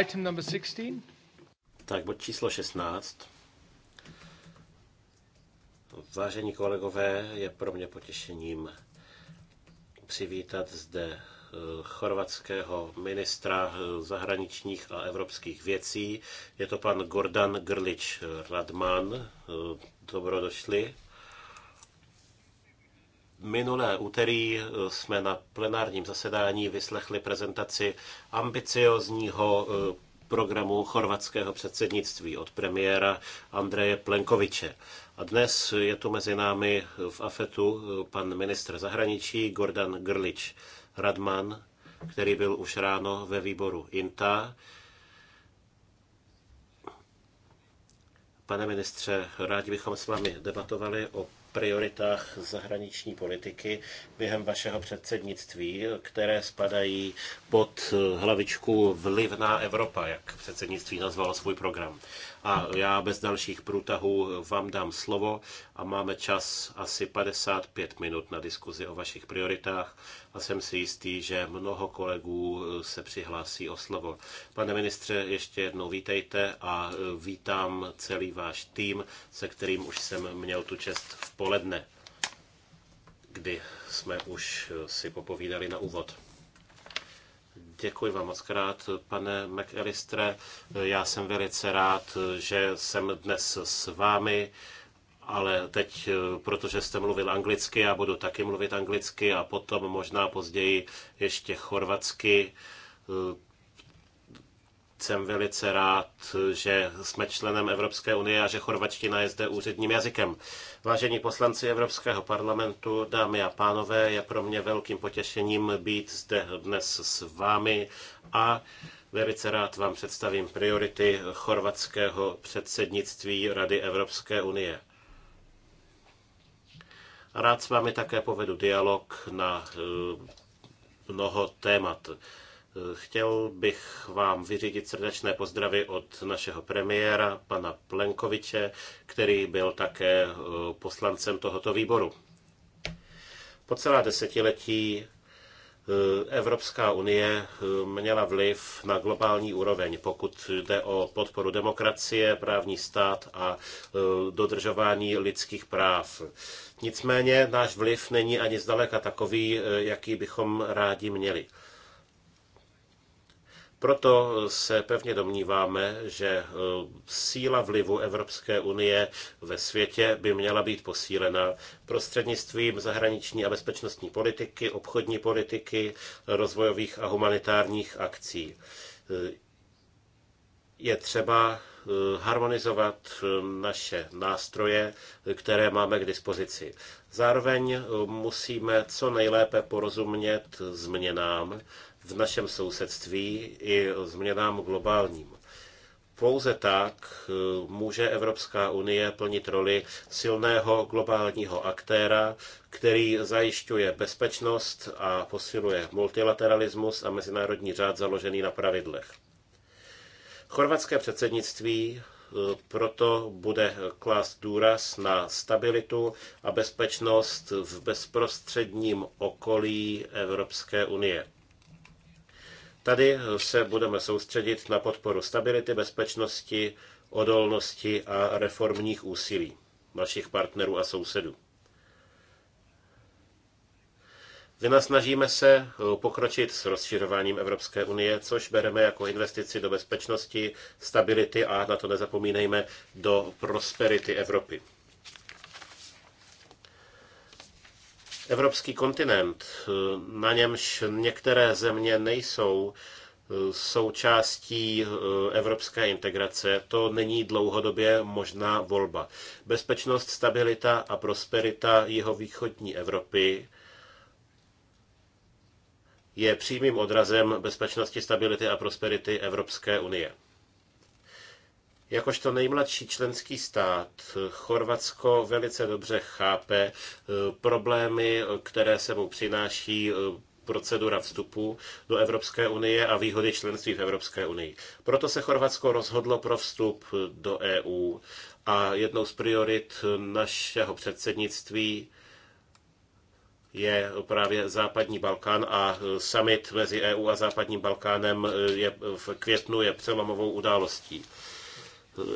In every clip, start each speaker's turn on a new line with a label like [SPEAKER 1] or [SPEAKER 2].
[SPEAKER 1] Item number 16.
[SPEAKER 2] Tak, bod číslo 16. Vážení kolegové, je pro mě potěšením přivítat zde eh, chorvatského ministra eh, zahraničních a evropských věcí. Je to pan Gordan Grlič Radman. Eh, dobrodošli. Minulé úterý eh, jsme na plenárním zasedání vyslechli prezentaci ambiciozního eh, programu chorvatského předsednictví od premiéra Andreje Plenkoviče. A dnes je tu mezi námi v AFETu eh, pan ministr zahraničí Gordan Grlič Radman, který byl už ráno ve výboru INTA. Pane ministře, rádi bychom s vámi debatovali o prioritách zahraniční politiky během vašeho předsednictví, které spadají pod hlavičku Vlivná Evropa, jak předsednictví nazvalo svůj program. A já bez dalších průtahů vám dám slovo a máme čas asi 55 minut na diskuzi o vašich prioritách a jsem si jistý, že mnoho kolegů se přihlásí o slovo. Pane ministře, ještě jednou vítejte a vítám celý váš tým, se kterým už jsem měl tu čest v poledne, kdy jsme už si popovídali na úvod. Děkuji vám moc krát, pane McAllistre. Já jsem velice rád, že jsem dnes s vámi ale teď, protože jste mluvil anglicky, já budu taky mluvit anglicky a potom možná později ještě chorvatsky, jsem velice rád, že jsme členem Evropské unie a že chorvačtina je zde úředním jazykem. Vážení poslanci Evropského parlamentu, dámy a pánové, je pro mě velkým potěšením být zde dnes s vámi a velice rád vám představím priority chorvatského předsednictví Rady Evropské unie. Rád s vámi také povedu dialog na eh, mnoho témat. Chtěl bych vám vyřídit srdečné pozdravy od našeho premiéra, pana Plenkoviče, který byl také eh, poslancem tohoto výboru. Po celá desetiletí eh, Evropská unie eh, měla vliv na globální úroveň, pokud jde o podporu demokracie, právní stát a dodržování lidských práv. Nicméně náš vliv není ani zdaleka takový, jaký bychom rádi měli. Proto se pevně domníváme, že e, síla vlivu Evropské unie ve světě by měla být posílena prostřednictvím zahraniční a bezpečnostní politiky, obchodní politiky, rozvojových a humanitárních akcí. E, je třeba e, harmonizovat naše nástroje, které máme k dispozici. Zároveň musíme co nejlépe porozumět změnám, v našem sousedství i změnám globálním. Pouze tak eh, může Evropská unie plnit roli silného globálního aktéra, který zajišťuje bezpečnost a posiluje multilateralismus a mezinárodní řád založený na pravidlech. Chorvatské předsednictví eh, proto bude klást důraz na stabilitu a bezpečnost v bezprostředním okolí Evropské unie. Tady se budeme soustředit na podporu stability, bezpečnosti, odolnosti a reformních úsilí našich partnerů a sousedů. Vynasnažíme se pokročit s rozšiřováním Evropské unie, což bereme jako investici do bezpečnosti, stability a, na to nezapomínejme, do prosperity Evropy. Evropský kontinent, na němž některé země nejsou eh, součástí eh, evropské integrace, to není dlouhodobě možná volba. Bezpečnost, stabilita a prosperita jeho východní Evropy je přímým odrazem bezpečnosti, stability a prosperity Evropské unie. Jakožto nejmladší členský stát Chorvatsko velice dobře chápe eh, problémy, které sebou přináší eh, procedura vstupu do Evropské unie a výhody členství v Evropské unii. Proto se Chorvatsko rozhodlo pro vstup eh, do EU a jednou z priorit našeho předsednictví je právě Západní Balkán a summit mezi EU a Západním Balkánem je v květnu je přelomovou událostí.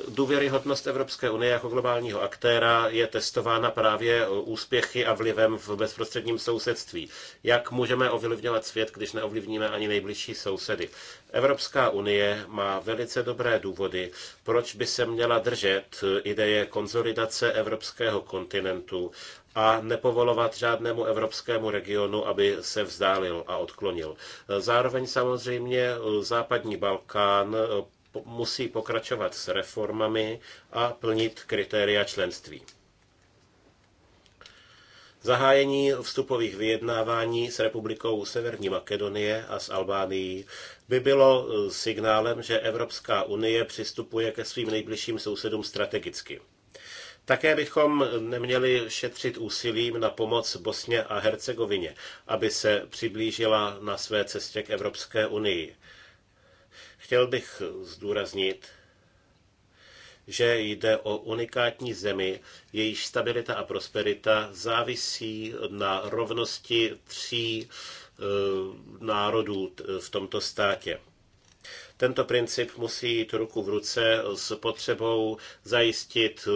[SPEAKER 2] Důvěryhodnost Evropské unie jako globálního aktéra je testována právě úspěchy a vlivem v bezprostředním sousedství. Jak můžeme ovlivňovat svět, když neovlivníme ani nejbližší sousedy? Evropská unie má velice dobré důvody, proč by se měla držet ideje konzolidace evropského kontinentu a nepovolovat žádnému evropskému regionu, aby se vzdálil a odklonil. Zároveň samozřejmě západní Balkán musí pokračovat s reformami a plnit kritéria členství. Zahájení vstupových vyjednávání s republikou Severní Makedonie a s Albánií by bylo e, signálem, že Evropská unie přistupuje ke svým nejbližším sousedům strategicky. Také bychom neměli šetřit úsilím na pomoc Bosně a Hercegovině, aby se přiblížila na své cestě k Evropské unii. Chtěl bych zdůraznit, že jde o unikátní zemi, jejíž stabilita a prosperita závisí na rovnosti tří eh, národů v tomto státě. Tento princip musí jít ruku v ruce s potřebou zajistit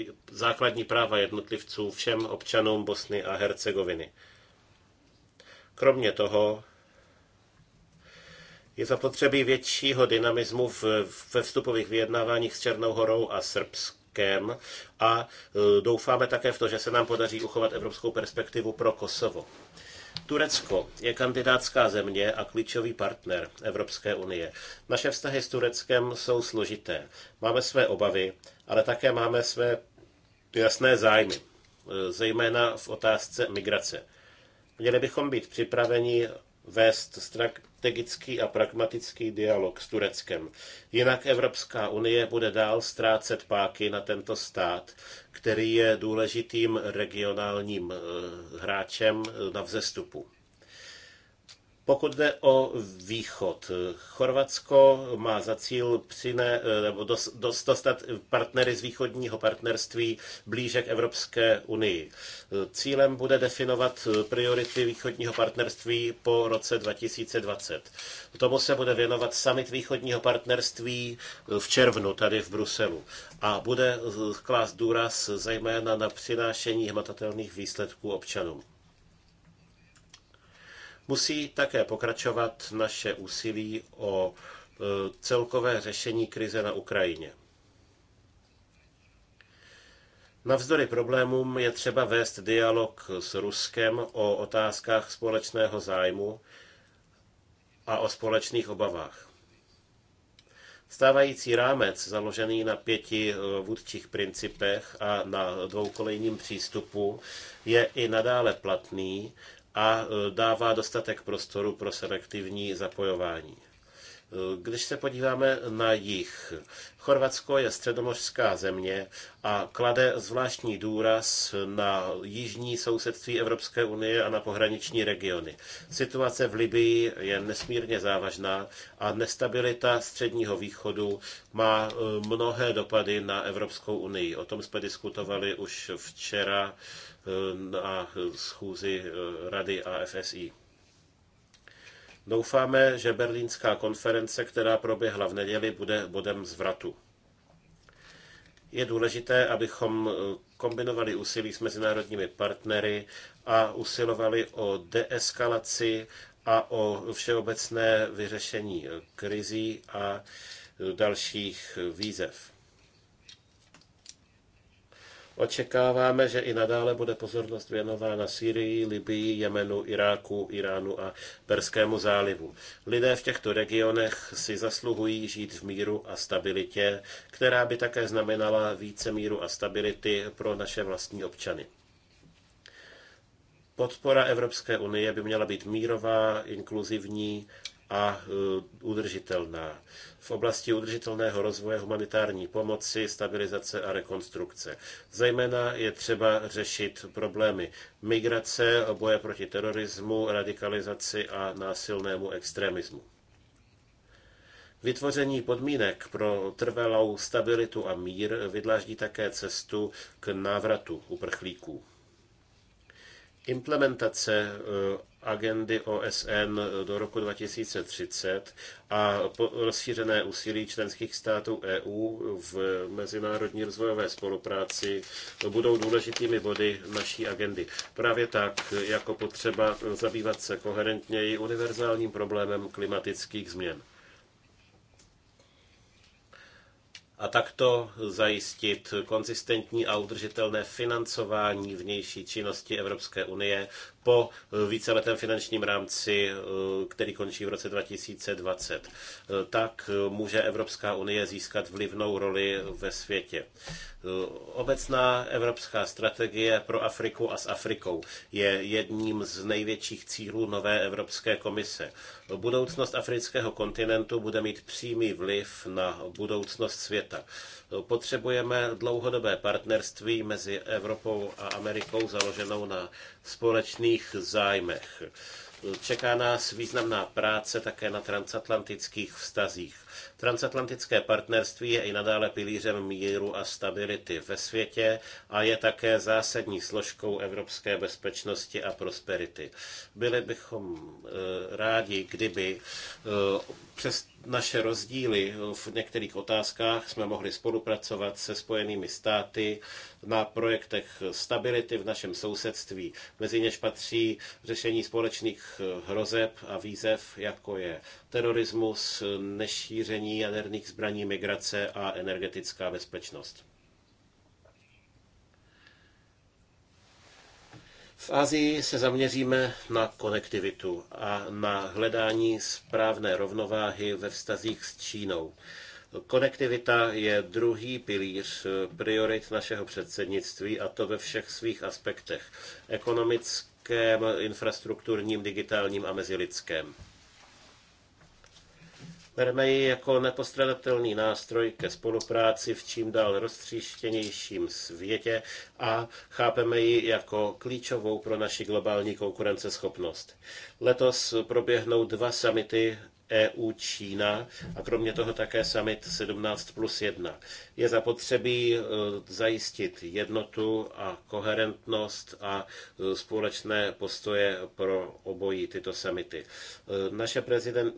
[SPEAKER 2] eh, základní práva jednotlivců všem občanům Bosny a Hercegoviny. Kromě toho je zapotřebí většího dynamismu ve vstupových vyjednáváních s Černou horou a Srbskou. a e, doufáme také v to, že se nám podaří uchovat evropskou perspektivu pro Kosovo. Turecko je kandidátská země a klíčový partner Evropské unie. Naše vztahy s Tureckem jsou složité. Máme své obavy, ale také máme své jasné zájmy, e, zejména v otázce migrace. Měli bychom být připraveni vést strategický a pragmatický dialog s Tureckem. Jinak Evropská unie bude dál ztrácet páky na tento stát, který je důležitým regionálním eh, hráčem eh, na vzestupu. Pokud jde o východ, Chorvatsko má za cíl přine, nebo dost, dostat partnery z východního partnerství blíže k Evropské unii. Cílem bude definovat priority východního partnerství po roce 2020. Tomu se bude věnovat summit východního partnerství v červnu tady v Bruselu a bude klást důraz zejména na přinášení hmatatelných výsledků občanům. Musí také pokračovat naše úsilí o e, celkové řešení krize na Ukrajině. Navzdory problémům je třeba vést dialog s Ruskem o otázkách společného zájmu a o společných obavách. Stávající rámec, založený na pěti e, vůdčích principech a na dvoukolejním přístupu, je i nadále platný a e, dává dostatek prostoru pro selektivní zapojování. E, když se podíváme na jich, Chorvatsko je středomořská země a klade zvláštní důraz na jižní sousedství Evropské unie a na pohraniční regiony. Situace v Libii je nesmírně závažná a nestabilita středního východu má e, mnohé dopady na Evropskou unii. O tom jsme diskutovali už včera Eh, na schůzi eh, Rady AFSI. Doufáme, že berlínská konference, která proběhla v neděli, bude bodem zvratu. Je důležité, abychom eh, kombinovali úsilí s mezinárodními partnery a usilovali o deeskalaci a o všeobecné vyřešení krizí a dalších výzev. Očekáváme, že i nadále bude pozornost věnována Syrii, Libii, Jemenu, Iráku, Iránu a Perskému zálivu. Lidé v těchto regionech si zasluhují žít v míru a stabilitě, která by také znamenala více míru a stability pro naše vlastní občany. Podpora Evropské unie by měla být mírová, inkluzivní a e, udržitelná. V oblasti udržitelného rozvoje humanitární pomoci, stabilizace a rekonstrukce. Zejména je třeba řešit problémy migrace, boje proti terorismu, radikalizaci a násilnému extremismu. Vytvoření podmínek pro trvalou stabilitu a mír vydláždí také cestu k návratu uprchlíků. Implementace e, agendy OSN do roku 2030 a rozšířené úsilí členských států EU v mezinárodní rozvojové spolupráci budou důležitými body naší agendy. Právě tak, jako potřeba zabývat se koherentněji univerzálním problémem klimatických změn. a takto zajistit konzistentní a udržitelné financování vnější činnosti Evropské unie po eh, víceletém finančním rámci, eh, který končí v roce 2020. Eh, tak může Evropská unie získat vlivnou roli ve světě. Obecná evropská strategie pro Afriku a s Afrikou je jedním z největších cílů nové Evropské komise. Budoucnost afrického kontinentu bude mít přímý vliv na budoucnost světa. Potřebujeme dlouhodobé partnerství mezi Evropou a Amerikou založenou na společných jejich zájmech. Čeká nás významná práce také na transatlantických vztazích. Transatlantické partnerství je i nadále pilířem míru a stability ve světě a je také zásadní složkou evropské bezpečnosti a prosperity. Byli bychom eh, rádi, kdyby eh, přes naše rozdíly v některých otázkách jsme mohli spolupracovat se Spojenými státy na projektech stability v našem sousedství. Mezi něž patří řešení společných hrozeb a výzev, jako je terorismus, nešíření jaderných zbraní, migrace a energetická bezpečnost. V Asii se zaměříme na konektivitu a na hledání správné rovnováhy ve vztazích s Čínou. Konektivita je druhý pilíř priorit našeho předsednictví a to ve všech svých aspektech. Ekonomický politickém, infrastrukturním, digitálním a mezilidském. Bereme ji jako nepostradatelný nástroj ke spolupráci v čím dál roztříštěnějším světě a chápeme ji jako klíčovou pro naši globální konkurenceschopnost. Letos proběhnou dva samity EU Čína a kromě toho také summit 17 plus 1. Je zapotřebí e, zajistit jednotu a koherentnost a e, společné postoje pro obojí tyto summity. E, naše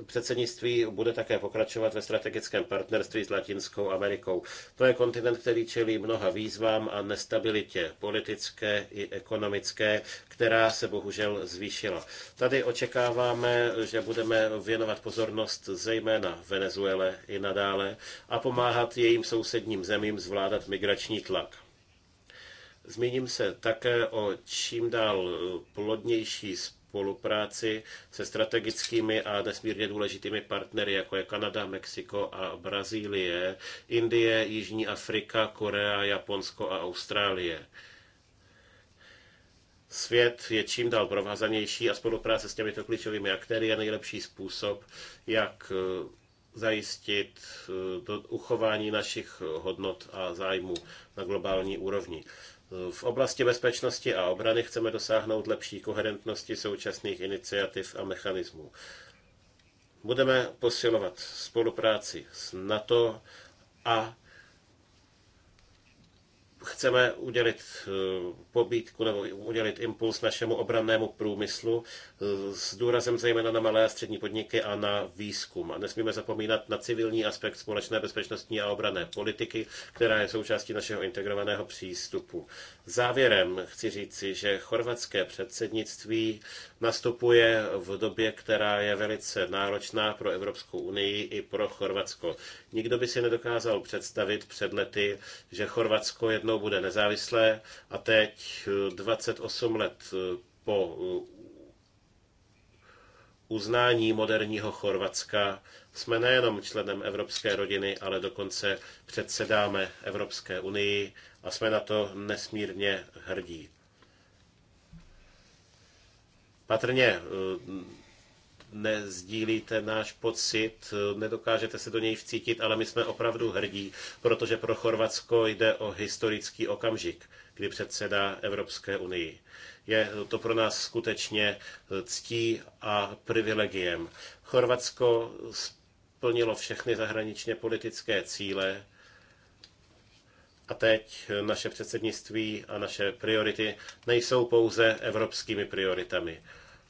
[SPEAKER 2] předsednictví bude také pokračovat ve strategickém partnerství s Latinskou Amerikou. To je kontinent, který čelí mnoha výzvám a nestabilitě politické i ekonomické, která se bohužel zvýšila. Tady očekáváme, že budeme věnovat pozornost zejména Venezuele i nadále a pomáhat jejím sousedním zemím zvládat migrační tlak. Zmíním se také o čím dál plodnější spolupráci se strategickými a nesmírně důležitými partnery, jako je Kanada, Mexiko a Brazílie, Indie, Jižní Afrika, Korea, Japonsko a Austrálie. Svět je čím dál provázanější a spolupráce s těmito klíčovými aktéry je nejlepší způsob, jak eh, zajistit eh, to uchování našich hodnot a zájmů na globální úrovni. Eh, v oblasti bezpečnosti a obrany chceme dosáhnout lepší koherentnosti současných iniciativ a mechanismů. Budeme posilovat spolupráci s NATO a chceme udělit eh, pobídku nebo udělit impuls našemu obrannému průmyslu eh, s důrazem zejména na malé a střední podniky a na výzkum. A nesmíme zapomínat na civilní aspekt společné bezpečnostní a obranné politiky, která je součástí našeho integrovaného přístupu. Závěrem chci říci, že chorvatské předsednictví nastupuje v době, která je velice náročná pro Evropskou unii i pro Chorvatsko. Nikdo by si nedokázal představit před lety, že Chorvatsko jednou jednou bude nezávislé a teď 28 eh, let eh, po eh, uznání moderního Chorvatska jsme nejenom členem Evropské rodiny, ale dokonce předsedáme Evropské unii a jsme na to nesmírně hrdí. Patrně nezdílíte náš pocit, nedokážete se do něj vcítit, ale my jsme opravdu hrdí, protože pro Chorvatsko jde o historický okamžik, kdy předsedá Evropské unii. Je to pro nás skutečně ctí a privilegiem. Chorvatsko splnilo všechny zahraničně politické cíle, a teď naše předsednictví a naše priority nejsou pouze evropskými prioritami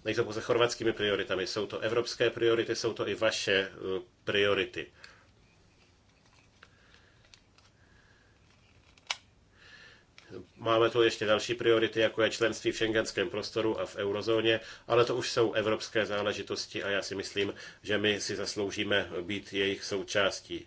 [SPEAKER 2] nejsou pouze chorvatskými prioritami, jsou to evropské priority, jsou to i vaše e, priority. Máme tu ještě další priority, jako je členství v šengenském prostoru a v eurozóně, ale to už jsou evropské záležitosti a já si myslím, že my si zasloužíme být jejich součástí.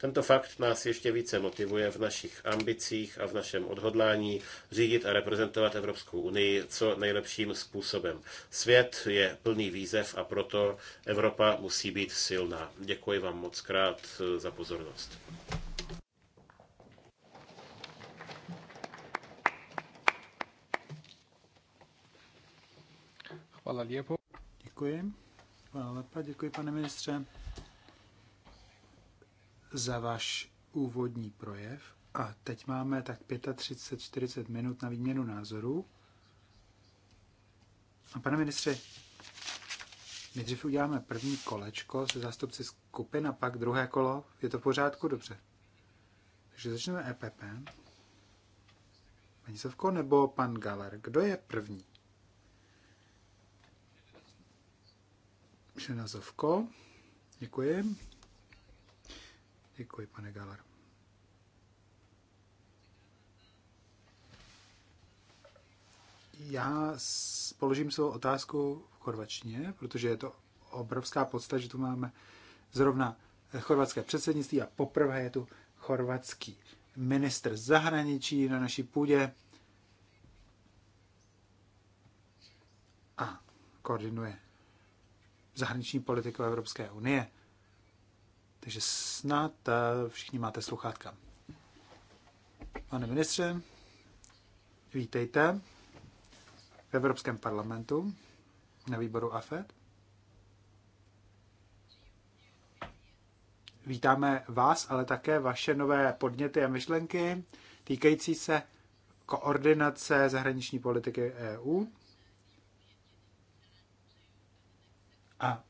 [SPEAKER 2] Tento fakt nás ještě více motivuje v našich ambicích a v našem odhodlání řídit a reprezentovat Evropskou unii co nejlepším způsobem. Svět je plný výzev a proto Evropa musí být silná. Děkuji vám moc krát eh, za pozornost.
[SPEAKER 1] Děkuji. děkuji pane ministře za váš úvodní projev. A teď máme tak 35-40 minut na výměnu názorů. A pane ministře, dřív uděláme první kolečko se zástupci skupin a pak druhé kolo. Je to v pořádku? Dobře. Takže začneme EPP. Paní Sovko nebo pan Galer? Kdo je první? Žena Zavko. Děkuji. Děkuji, pane Galar. Já položím svou otázku v chorvačtině, protože je to obrovská podsta, že tu máme zrovna chorvatské předsednictví a poprvé je tu chorvatský ministr zahraničí na naší půdě a koordinuje zahraniční politiku Evropské unie. Takže snad eh, všichni máte sluchátka. Pane ministře, vítejte v Evropském parlamentu na výboru AFED. Vítáme vás, ale také vaše nové podněty a myšlenky týkající se koordinace zahraniční politiky EU. A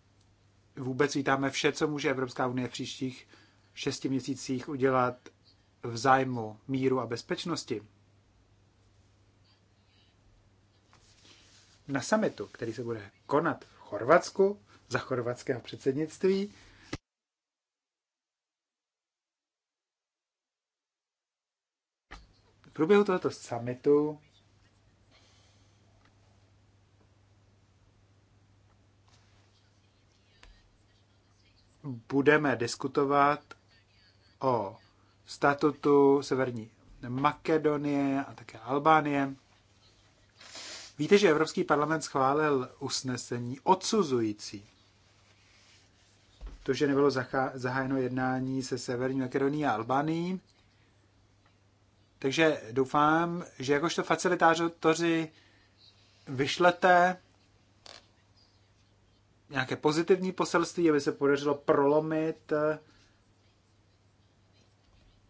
[SPEAKER 1] vůbec vítáme vše, co může Evropská unie v příštích šesti měsících udělat v zájmu míru a bezpečnosti. Na summitu, který se bude konat v Chorvatsku za chorvatského předsednictví, V průběhu tohoto summitu budeme diskutovat o statutu Severní Makedonie a také Albánie. Víte, že Evropský parlament schválil usnesení odsuzující to, že nebylo zahájeno jednání se Severní Makedonií a Albánií. Takže doufám, že jakožto facilitátoři vyšlete nějaké pozitivní poselství, aby se podařilo prolomit eh,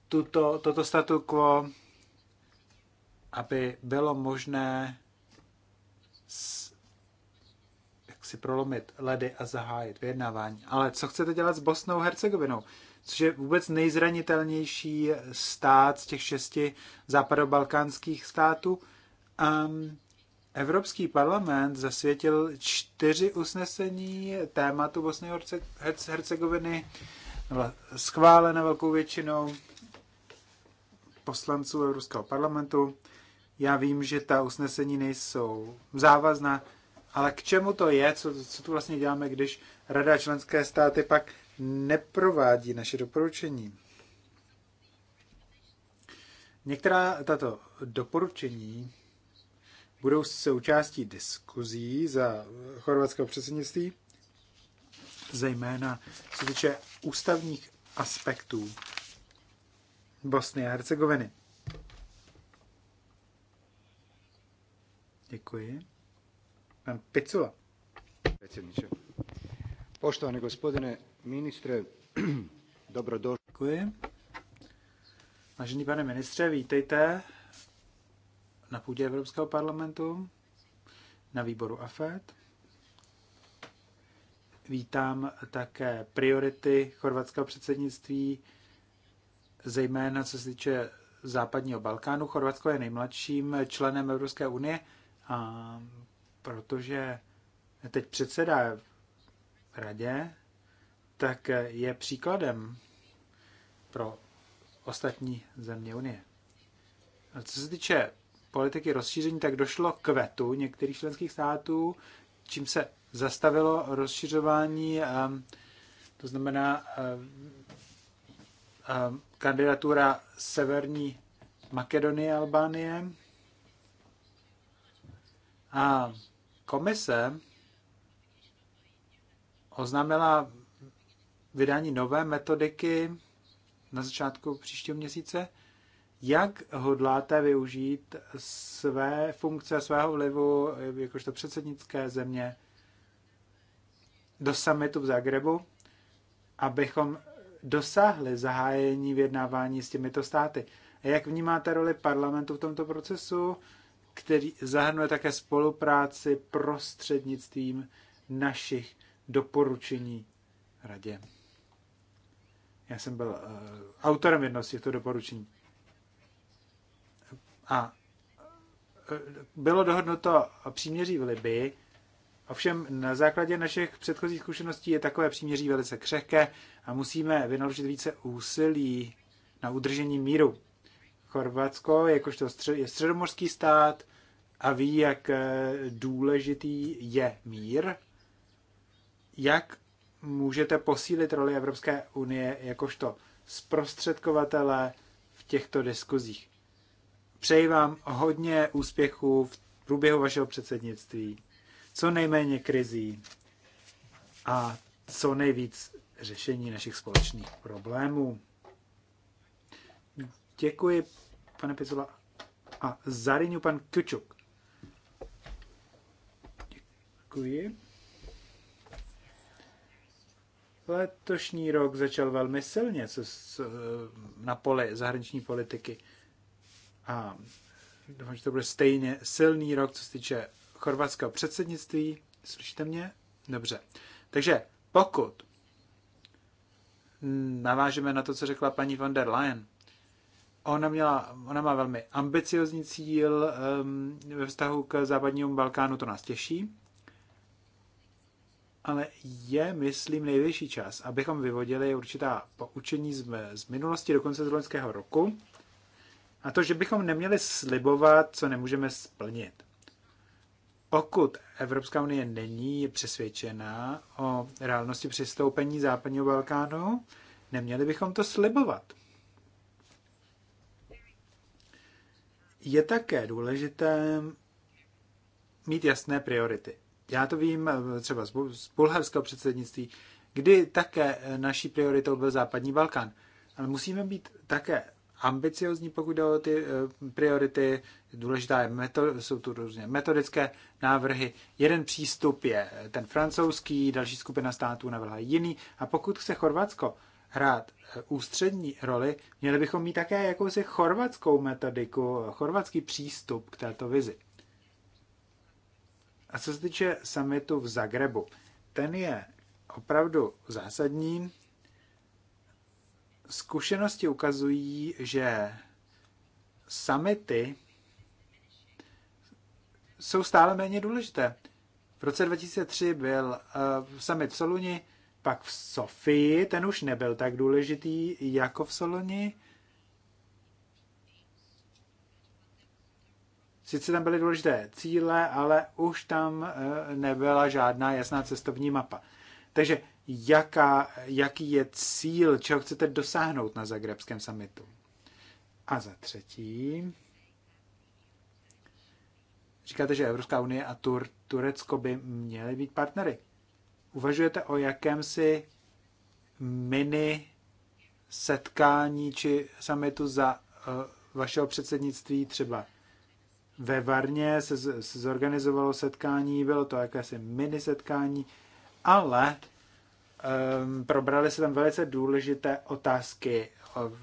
[SPEAKER 1] tuto, toto statu quo, aby bylo možné s, jak si prolomit ledy a zahájit vyjednávání. Ale co chcete dělat s Bosnou a Hercegovinou? Což je vůbec nejzranitelnější stát z těch šesti západobalkánských států. Um, Evropský parlament zasvětil čtyři usnesení tématu Bosny a Hercegoviny schválené velkou většinou poslanců Evropského parlamentu. Já vím, že ta usnesení nejsou závazná, ale k čemu to je, co, co tu vlastně děláme, když Rada členské státy pak neprovádí naše doporučení? Některá tato doporučení budou součástí diskuzí za chorvatského předsednictví, zejména co týče ústavních aspektů Bosny a Hercegoviny. Děkuji. Pan Picula. Předsedniče. Poštovani gospodine ministre, dobrodošli. Děkuji. Vážený pane ministře, vítejte na půdě Evropského parlamentu, na výboru AFET. Vítám také priority chorvatského předsednictví, zejména co se týče západního Balkánu. Chorvatsko je nejmladším členem Evropské unie, a protože teď předsedá radě, tak je příkladem pro ostatní země Unie. A co se týče politiky rozšíření, tak došlo k vetu některých členských států, čím se zastavilo rozšiřování, ehm, to znamená ehm, ehm, kandidatura Severní Makedonie a Albánie. A komise oznámila vydání nové metodiky na začátku příštího měsíce, jak hodláte využít své funkce, svého vlivu, jakožto předsednické země, do summitu v Zagrebu, abychom dosáhli zahájení vyjednávání s těmito státy? A jak vnímáte roli parlamentu v tomto procesu, který zahrnuje také spolupráci prostřednictvím našich doporučení radě? Já jsem byl uh, autorem jednoho z těchto doporučení. A e, bylo dohodnuto příměří v Libii, ovšem na základě našich předchozích zkušeností je takové příměří velice křehké a musíme vynaložit více úsilí na udržení míru. Chorvatsko, jakožto je středomorský stát a ví, jak e, důležitý je mír, jak můžete posílit roli Evropské unie jakožto zprostředkovatele v těchto diskuzích. Přeji vám hodně úspěchů v průběhu vašeho předsednictví, co nejméně krizí a co nejvíc řešení našich společných problémů. Děkuji, pane Pizola. A zariňu pan Kučuk. Děkuji. Letošní rok začal velmi silně co, na poli zahraniční politiky. A doufám, že to bude stejně silný rok, co se týče chorvatského předsednictví. Slyšíte mě? Dobře. Takže pokud navážeme na to, co řekla paní von der Leyen, ona, měla, ona má velmi ambiciozní cíl um, ve vztahu k západnímu Balkánu, to nás těší, ale je, myslím, nejvyšší čas, abychom vyvodili určitá poučení z, z minulosti, konce z loňského roku, a to, že bychom neměli slibovat, co nemůžeme splnit. Pokud Evropská unie není přesvědčená o reálnosti přistoupení západního Balkánu, neměli bychom to slibovat. Je také důležité mít jasné priority. Já to vím eh, třeba z bulharského předsednictví, kdy také naší prioritou byl západní Balkán. Ale musíme být také ambiciozní, pokud jde o ty eh, priority. Důležitá je meto, jsou tu různě metodické návrhy. Jeden přístup je eh, ten francouzský, další skupina států navrhla jiný. A pokud chce Chorvatsko hrát eh, ústřední roli, měli bychom mít také jakousi chorvatskou metodiku, chorvatský přístup k této vizi. A co se týče samitu v Zagrebu, ten je opravdu zásadní. Zkušenosti ukazují, že samity jsou stále méně důležité. V roce 2003 byl uh, summit v Soluni, pak v Sofii, ten už nebyl tak důležitý jako v Soluni. Sice tam byly důležité cíle, ale už tam eh, nebyla žádná jasná cestovní mapa. Takže jaká, jaký je cíl, čeho chcete dosáhnout na Zagrebském summitu. A za třetí, říkáte, že Evropská unie a Tur- Turecko by měly být partnery. Uvažujete o jakémsi mini setkání či summitu za uh, vašeho předsednictví třeba ve Varně se, se zorganizovalo setkání, bylo to jakési mini setkání, ale um, probrali se tam velice důležité otázky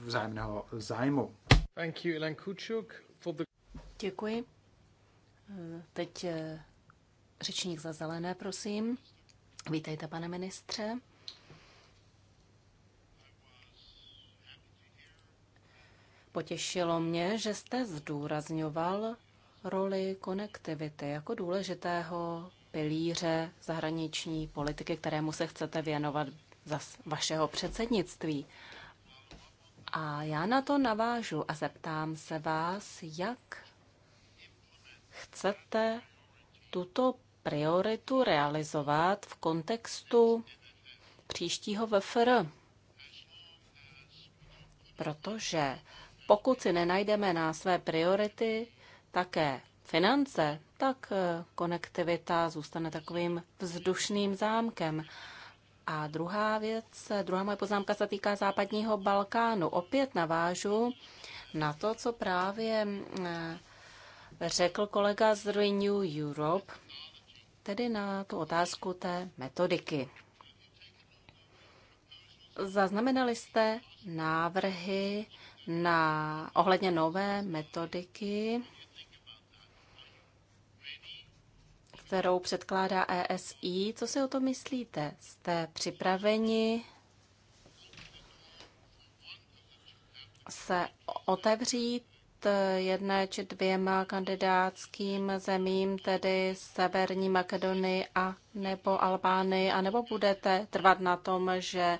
[SPEAKER 1] vzájemného zájmu.
[SPEAKER 3] Thank you, Ilan Kučuk, for the... Děkuji. Teď eh, řečník za zelené, prosím. Vítejte, pane ministře. Potěšilo mě, že jste zdůrazňoval roli konektivity jako důležitého pilíře zahraniční politiky, kterému se chcete věnovat za vašeho předsednictví. A já na to navážu a zeptám se vás, jak chcete tuto prioritu realizovat v kontextu příštího VFR. Protože pokud si nenajdeme na své priority také finance, tak eh, konektivita zůstane takovým vzdušným zámkem. A druhá věc, eh, druhá moje poznámka se týká západního Balkánu. Opět navážu na to, co právě mm, eh, řekl kolega z Renew Europe, tedy na tu otázku té metodiky. Zaznamenali jste návrhy na ohledně nové metodiky kterou předkládá ESI. Co si o to myslíte? Jste připraveni se otevřít jedné či dvěma kandidátským zemím, tedy Severní Makedonii a nebo Albánii, a nebo budete trvat na tom, že eh,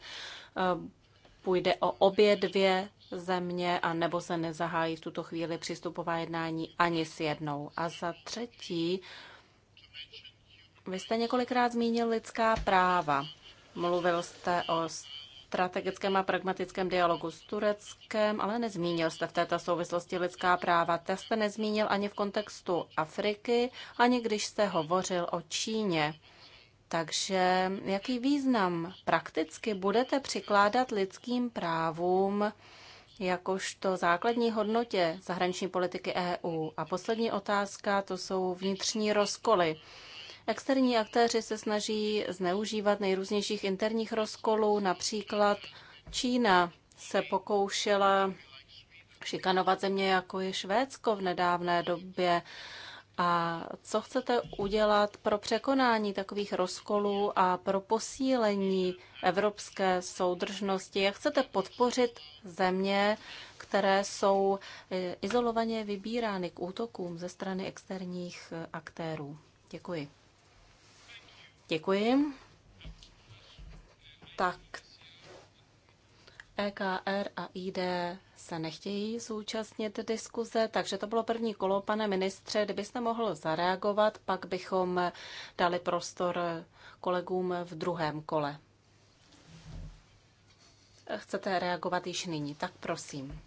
[SPEAKER 3] půjde o obě dvě země a nebo se nezahájí v tuto chvíli přistupová jednání ani s jednou. A za třetí, vy jste několikrát zmínil lidská práva. Mluvil jste o strategickém a pragmatickém dialogu s Tureckem, ale nezmínil jste v této souvislosti lidská práva. Te jste nezmínil ani v kontextu Afriky, ani když jste hovořil o Číně. Takže jaký význam prakticky budete přikládat lidským právům jakožto základní hodnotě zahraniční politiky EU? A poslední otázka, to jsou vnitřní rozkoly. Externí aktéři se snaží zneužívat nejrůznějších interních rozkolů, například Čína se pokoušela šikanovat země, jako je Švédsko v nedávné době. A co chcete udělat pro překonání takových rozkolů a pro posílení evropské soudržnosti? Jak chcete podpořit země, které jsou eh, izolovaně vybírány k útokům ze strany externích eh, aktérů? Děkuji. Děkuji. Tak EKR a ID se nechtějí zúčastnit diskuze, takže to bylo první kolo. Pane ministře, kdybyste mohl zareagovat, pak bychom dali prostor kolegům v druhém kole. Chcete reagovat již nyní, tak prosím.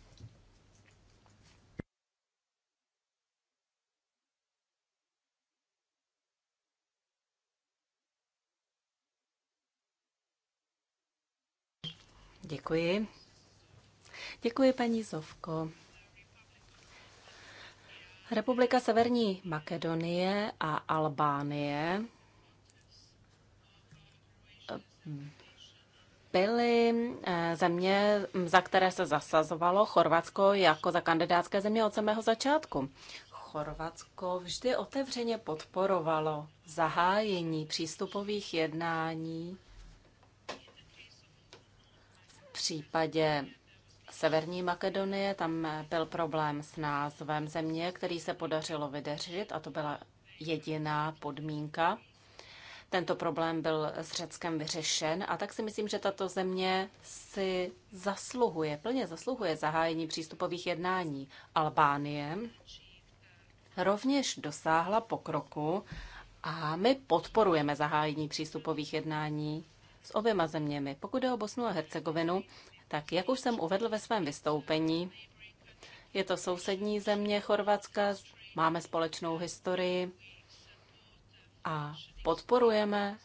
[SPEAKER 3] Děkuji. Děkuji, paní Zovko. Republika Severní Makedonie a Albánie byly eh, země, za které se zasazovalo Chorvatsko jako za kandidátské země od samého začátku. Chorvatsko vždy otevřeně podporovalo zahájení přístupových jednání případě Severní Makedonie, tam byl problém s názvem země, který se podařilo vydeřit a to byla jediná podmínka. Tento problém byl s Řeckem vyřešen a tak si myslím, že tato země si zasluhuje, plně zasluhuje zahájení přístupových jednání. Albánie rovněž dosáhla pokroku a my podporujeme zahájení přístupových jednání s oběma zeměmi. Pokud jde o Bosnu a Hercegovinu, tak jak už jsem uvedl ve svém vystoupení, je to sousední země Chorvatska, máme společnou historii a podporujeme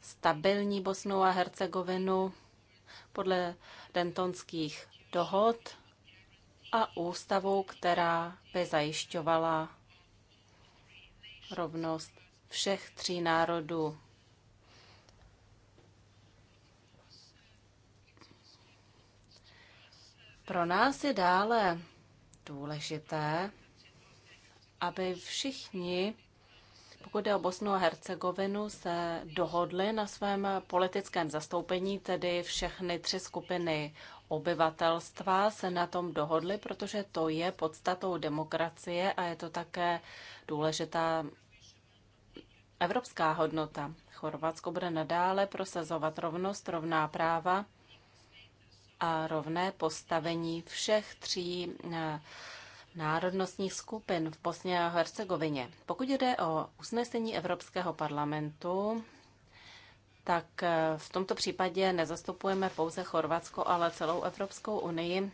[SPEAKER 3] stabilní Bosnu a Hercegovinu podle dentonských dohod a ústavu, která by zajišťovala rovnost všech tří národů Pro nás je dále důležité, aby všichni, pokud je o Bosnu a Hercegovinu, se dohodli na svém politickém zastoupení, tedy všechny tři skupiny obyvatelstva se na tom dohodli, protože to je podstatou demokracie a je to také důležitá evropská hodnota. Chorvatsko bude nadále prosazovat rovnost, rovná práva a rovné postavení všech tří eh, národnostních skupin v Bosně a Hercegovině. Pokud jde o usnesení Evropského parlamentu, tak eh, v tomto případě nezastupujeme pouze Chorvatsko, ale celou Evropskou unii.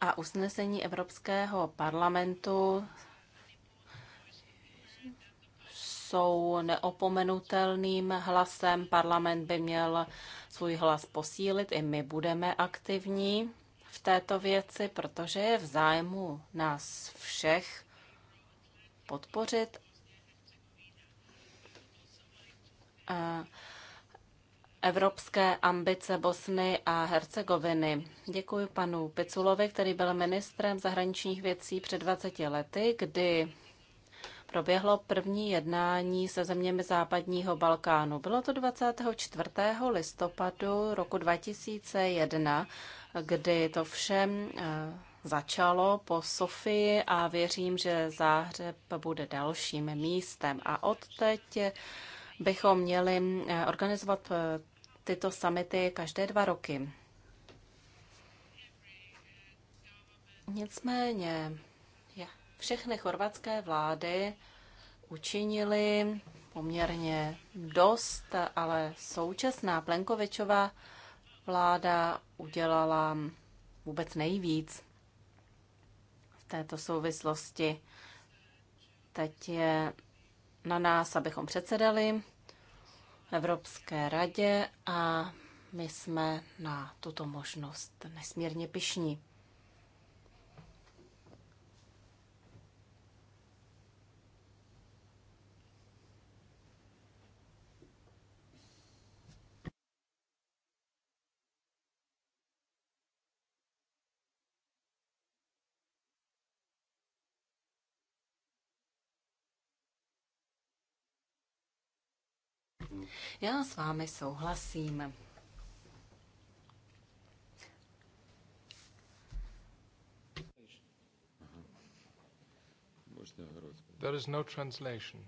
[SPEAKER 3] A usnesení Evropského parlamentu jsou neopomenutelným hlasem. Parlament by měl svůj hlas posílit, i my budeme aktivní v této věci, protože je v zájmu nás všech podpořit. A evropské ambice Bosny a Hercegoviny. Děkuji panu Piculovi, který byl ministrem zahraničních věcí před 20 lety, kdy proběhlo první jednání se zeměmi západního Balkánu. Bylo to 24. listopadu roku 2001, kdy to všem eh, začalo po Sofii a věřím, že Záhřeb bude dalším místem. A odteď bychom měli eh, organizovat eh, tyto samity každé dva roky. Nicméně všechny chorvatské vlády učinili poměrně dost, ale současná Plenkovičová vláda udělala vůbec nejvíc v této souvislosti. Teď je na nás, abychom předsedali Evropské radě a my jsme na tuto možnost nesmírně pišní. Já s vámi souhlasím. There is no translation.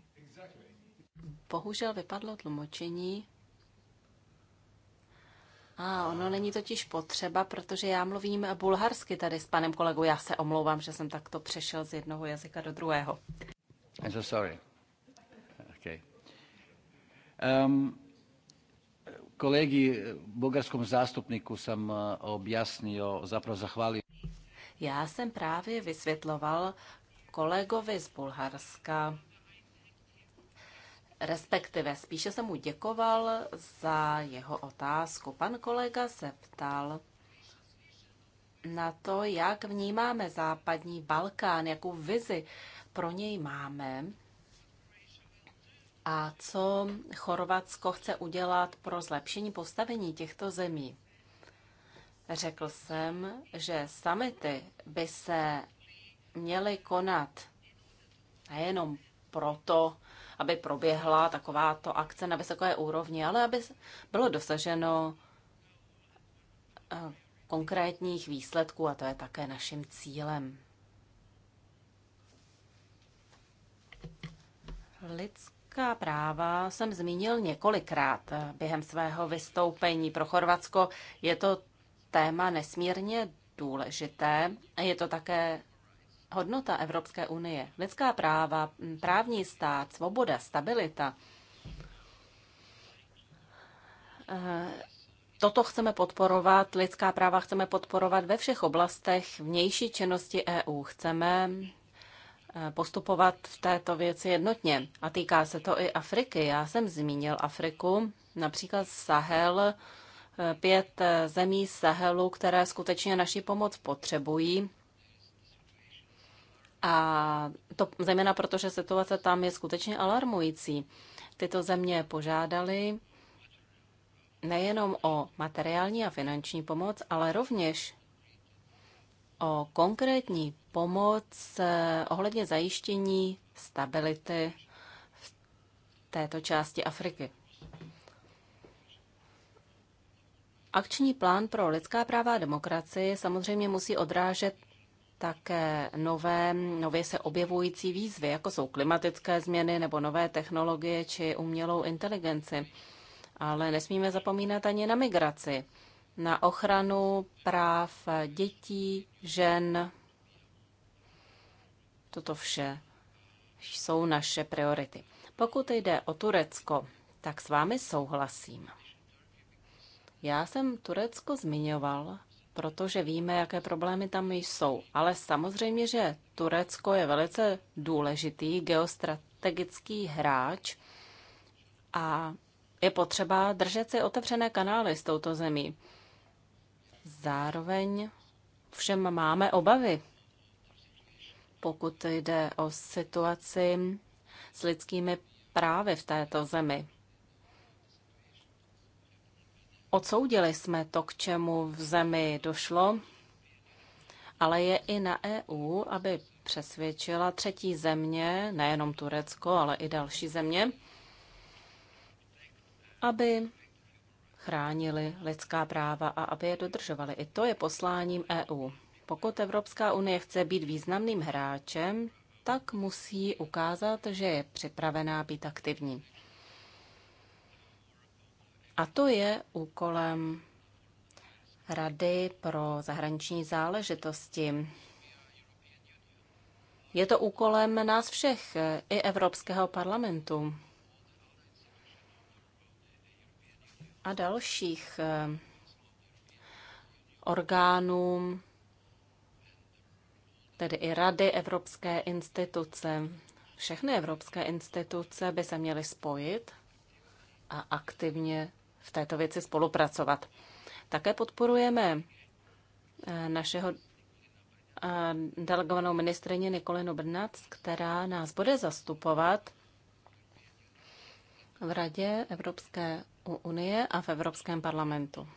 [SPEAKER 3] Bohužel vypadlo tlumočení. A ah, ono není totiž potřeba, protože já mluvím bulharsky tady s panem kolegou. Já se omlouvám, že jsem takto přešel z jednoho jazyka do druhého.
[SPEAKER 2] I'm so sorry. Okay. Um, kolegi, eh, bulgarskom zástupníku jsem eh, objasnil, zapravo zachválil.
[SPEAKER 3] Já jsem právě vysvětloval kolegovi z Bulharska, respektive spíše jsem mu děkoval za jeho otázku. Pan kolega se ptal na to, jak vnímáme západní Balkán, jakou vizi pro něj máme a co Chorvatsko chce udělat pro zlepšení postavení těchto zemí. Řekl jsem, že samity by se měly konat nejenom proto, aby proběhla takováto akce na vysoké úrovni, ale aby bylo dosaženo eh, konkrétních výsledků a to je také naším cílem. Lidský lidská práva jsem zmínil několikrát během svého vystoupení. Pro Chorvatsko je to téma nesmírně důležité a je to také hodnota Evropské unie. Lidská práva, právní stát, svoboda, stabilita. Eh, toto chceme podporovat, lidská práva chceme podporovat ve všech oblastech vnější činnosti EU. Chceme Eh, postupovat v této věci jednotně. A týká se to i Afriky. Já jsem zmínil Afriku, například Sahel, eh, pět eh, zemí Sahelu, které skutečně naši pomoc potřebují. A to zejména proto, že situace tam je skutečně alarmující. Tyto země požádaly nejenom o materiální a finanční pomoc, ale rovněž o konkrétní pomoc eh, ohledně zajištění stability v této části Afriky. Akční plán pro lidská práva a demokracii samozřejmě musí odrážet také nové, nově se objevující výzvy, jako jsou klimatické změny nebo nové technologie či umělou inteligenci. Ale nesmíme zapomínat ani na migraci, na ochranu práv dětí, žen, Toto vše jsou naše priority. Pokud jde o Turecko, tak s vámi souhlasím. Já jsem Turecko zmiňoval, protože víme, jaké problémy tam jsou. Ale samozřejmě, že Turecko je velice důležitý geostrategický hráč a je potřeba držet si otevřené kanály s touto zemí. Zároveň všem máme obavy pokud jde o situaci s lidskými právy v této zemi. Odsoudili jsme to, k čemu v zemi došlo, ale je i na EU, aby přesvědčila třetí země, nejenom Turecko, ale i další země, aby chránili lidská práva a aby je dodržovali. I to je posláním EU. Pokud Evropská unie chce být významným hráčem, tak musí ukázat, že je připravená být aktivní. A to je úkolem Rady pro zahraniční záležitosti. Je to úkolem nás všech, i Evropského parlamentu a dalších eh, orgánů tedy i rady evropské instituce. Všechny evropské instituce by se měly spojit a aktivně v této věci spolupracovat. Také podporujeme eh, našeho eh, delegovanou ministrině Nikolinu Brnac, která nás bude zastupovat v Radě Evropské unie a v Evropském parlamentu.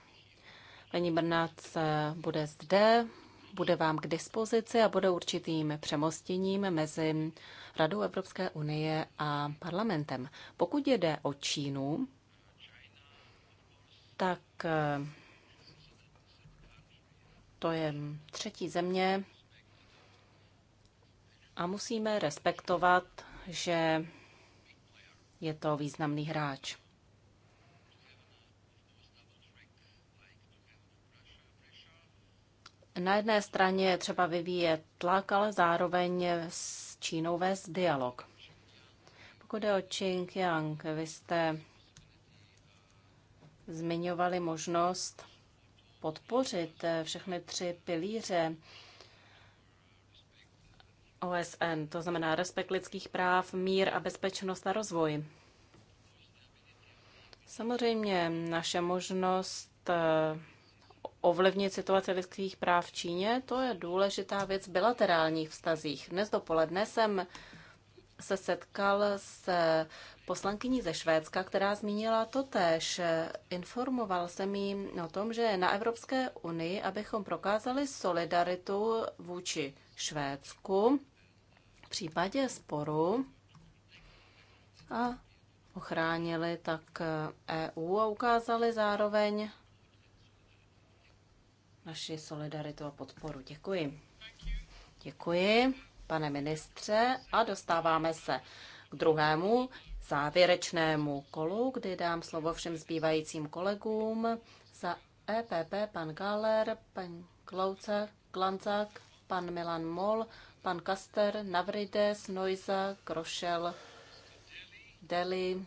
[SPEAKER 3] Paní Brnac eh, bude zde bude vám k dispozici a bude určitým přemostěním mezi Radou Evropské unie a parlamentem. Pokud jde o Čínu, tak eh, to je třetí země a musíme respektovat, že je to významný hráč. Na jedné straně je třeba vyvíjet tlak, ale zároveň s Čínou vést dialog. Pokud je o Qingyang, vy jste zmiňovali možnost podpořit všechny tři pilíře OSN, to znamená respekt lidských práv, mír a bezpečnost a rozvoj. Samozřejmě naše možnost eh, ovlivnit situaci lidských práv v Číně, to je důležitá věc v bilaterálních vztazích. Dnes dopoledne jsem se setkal s poslankyní ze Švédska, která zmínila to též. Informoval jsem jí o tom, že na Evropské unii, abychom prokázali solidaritu vůči Švédsku v případě sporu a ochránili tak EU a ukázali zároveň vaši solidaritu a podporu. Děkuji. Děkuji, pane ministře, a dostáváme se k druhému závěrečnému kolu, kdy dám slovo všem zbývajícím kolegům za EPP, pan Galer, pan Klaucer, Klancák, pan Milan Mol, pan Kaster, Navrides, Noiza, Krošel, Deli,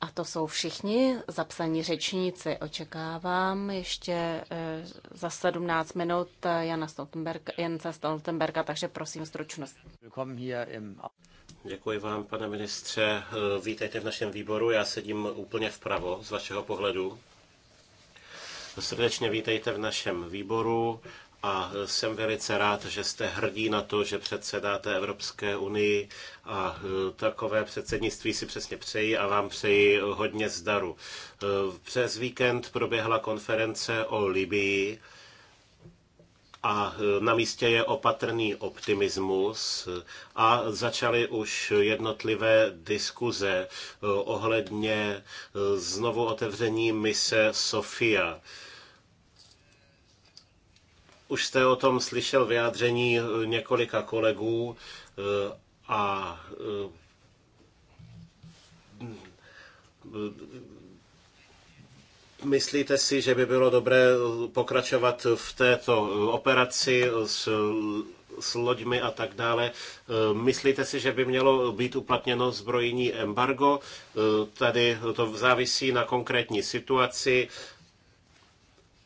[SPEAKER 3] A to jsou všichni zapsaní řečníci. Očekávám ještě eh, za 17 minut eh, Jana Stoltenberg, Jence Stoltenberga, takže prosím stručnost.
[SPEAKER 2] Děkuji vám, pane ministře. Eh, vítejte v našem výboru. Já sedím úplně vpravo z vašeho pohledu. Srdečně vítejte v našem výboru a jsem velice rád, že jste hrdí na to, že předsedáte Evropské unii a e, takové předsednictví si přesně přeji a vám přeji hodně zdaru. E, přes víkend proběhla konference o Libii a e, na místě je opatrný optimismus a začaly už jednotlivé diskuze ohledně znovu otevření mise Sofia už jste o tom slyšel vyjádření eh, několika kolegů eh, a eh, Myslíte si, že by bylo dobré pokračovat v této operaci s, s loďmi a tak dále? Myslíte si, že by mělo být uplatněno zbrojní embargo? Tady to závisí na konkrétní situaci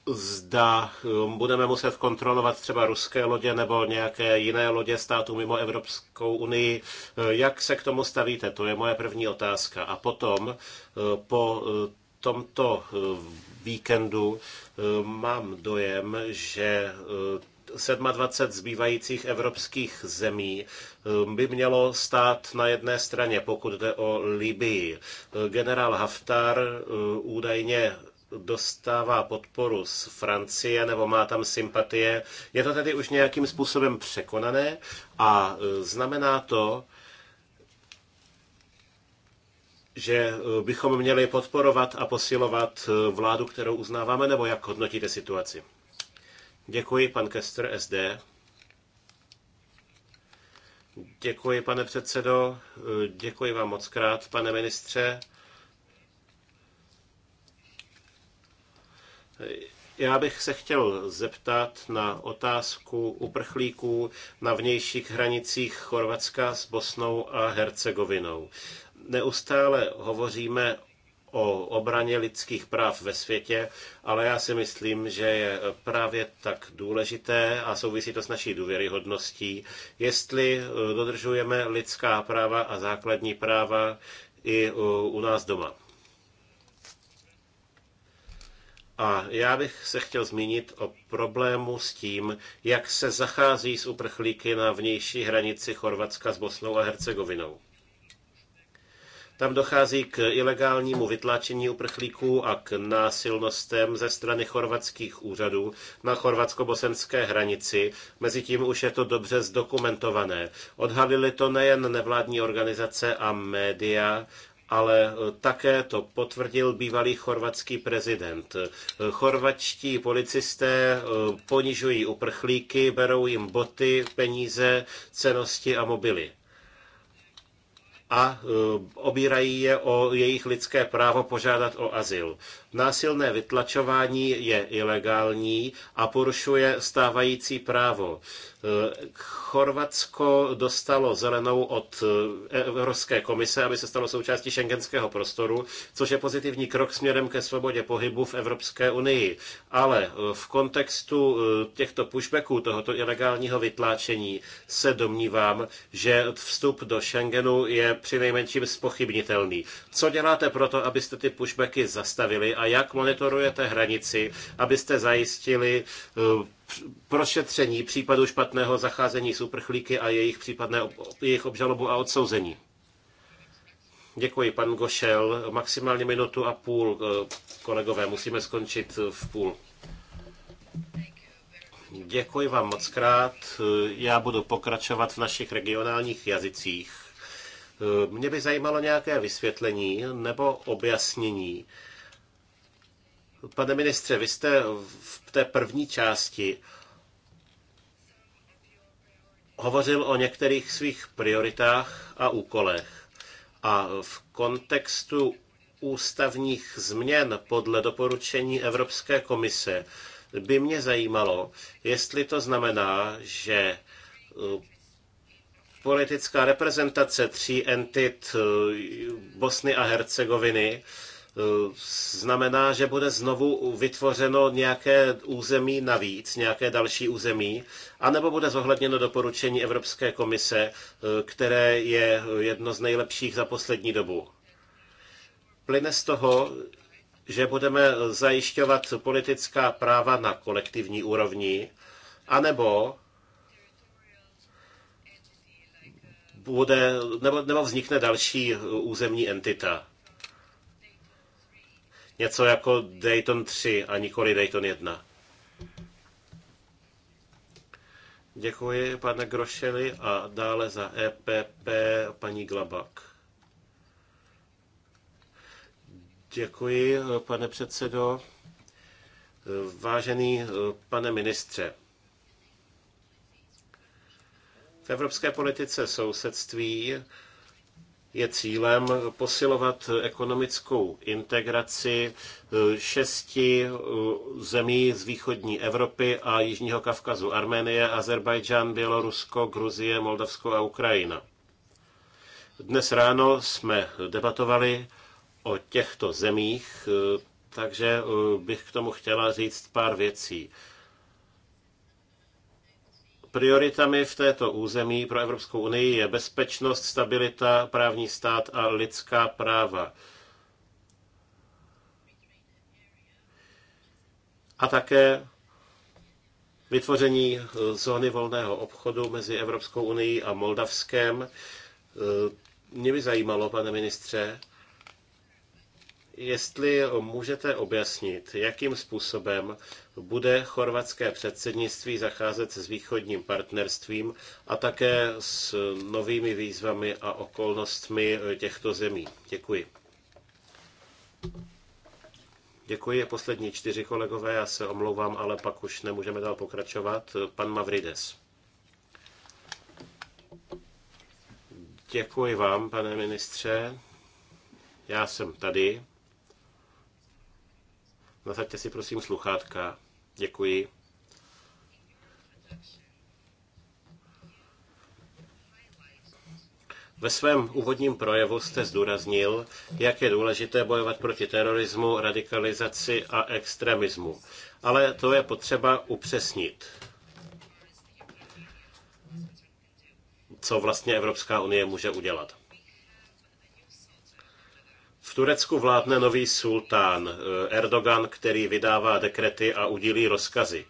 [SPEAKER 2] zda um, budeme muset kontrolovat třeba ruské lodě nebo nějaké jiné lodě států mimo Evropskou unii. Eh, jak se k tomu stavíte? To je moje první otázka. A potom eh, po eh, tomto víkendu mám dojem, že 27 zbývajících evropských zemí by mělo stát na jedné straně, pokud jde o Libii. Generál Haftar údajně dostává podporu z Francie nebo má tam sympatie. Je to tedy už nějakým způsobem překonané a e, znamená to, že e, bychom měli podporovat a posilovat e, vládu, kterou uznáváme, nebo jak hodnotíte situaci? Děkuji, pan Kester SD. Děkuji, pane předsedo. Děkuji vám moc krát, pane ministře. Já bych se chtěl zeptat na otázku uprchlíků na vnějších hranicích Chorvatska s Bosnou a Hercegovinou. Neustále hovoříme o obraně lidských práv ve světě, ale já si myslím, že je právě tak důležité a souvisí to s naší důvěryhodností, jestli eh, dodržujeme lidská práva a základní práva i u nás doma. A já bych se chtěl zmínit o problému s tím, jak se zachází s uprchlíky na vnější hranici Chorvatska s Bosnou a Hercegovinou. Tam dochází k ilegálnímu vytlačení uprchlíků a k násilnostem ze strany chorvatských úřadů na chorvatsko-bosenské hranici. Mezitím už je to dobře zdokumentované. Odhalili to nejen nevládní organizace a média, ale eh, také to potvrdil bývalý chorvatský prezident. Eh, chorvatští policisté eh, ponižují uprchlíky, berou jim boty, peníze, cenosti a mobily a obírají je o jejich lidské právo požádat o azyl. Násilné vytlačování je ilegální a porušuje stávající právo. Eh, Chorvatsko dostalo zelenou od eh, Evropské komise, aby se stalo součástí šengenského prostoru, což je pozitivní krok směrem ke svobodě pohybu v Evropské unii. Ale eh, v kontextu těchto pushbacků, tohoto ilegálního vytláčení, se domnívám, že vstup do Schengenu je přinejmenším spochybnitelný. Co děláte pro to, abyste ty pushbacky zastavili a jak monitorujete hranici, abyste zajistili eh, prošetření případů špatného zacházení s uprchlíky a jejich případné jejich obžalobu a odsouzení. Děkuji, pan Gošel. Maximálně minutu a půl, eh, kolegové, musíme skončit eh, v půl. Děkuji vám moc krát. Já budu pokračovat v našich regionálních jazycích. Mě by zajímalo nějaké vysvětlení nebo objasnění Pane ministře, vy jste v té první části hovořil o některých svých prioritách a úkolech. A v kontextu ústavních změn podle doporučení Evropské komise by mě zajímalo, jestli to znamená, že eh, politická reprezentace tří entit eh, Bosny a Hercegoviny Eh, znamená, že bude znovu vytvořeno nějaké území navíc, nějaké další území, anebo bude zohledněno doporučení Evropské komise, eh, které je jedno z nejlepších za poslední dobu. Plyne z toho, že budeme zajišťovat politická práva na kolektivní úrovni, anebo bude, nebo, nebo vznikne další územní entita něco jako Dayton 3 a nikoli Dayton 1. Děkuji, pane Grošeli, a dále za EPP paní Glabak. Děkuji, pane předsedo. Vážený pane ministře, v evropské politice sousedství je cílem posilovat ekonomickou integraci eh, šesti eh, zemí z východní Evropy a Jižního Kavkazu. Arménie, Azerbajdžán, Bělorusko, Gruzie, Moldavsko a Ukrajina. Dnes ráno jsme debatovali o těchto zemích, eh, takže bych k tomu chtěla říct pár věcí. Prioritami v této území pro Evropskou unii je bezpečnost, stabilita, právní stát a lidská práva. A také vytvoření eh, zóny volného obchodu mezi Evropskou unii a Moldavskem. Eh, Mě by zajímalo, pane ministře, jestli můžete objasnit, jakým způsobem bude chorvatské předsednictví zacházet s východním partnerstvím a také s novými výzvami a okolnostmi těchto zemí. Děkuji. Děkuji, poslední čtyři kolegové, já se omlouvám, ale pak už nemůžeme dál pokračovat. Pan Mavrides. Děkuji vám, pane ministře. Já jsem tady. Nasaďte si prosím sluchátka. Děkuji. Ve svém úvodním projevu jste zdůraznil, jak je důležité bojovat proti terorismu, radikalizaci a extremismu. Ale to je potřeba upřesnit. Co vlastně Evropská unie může udělat? V Turecku vládne nový sultán eh, Erdogan, který vydává dekrety a udílí rozkazy.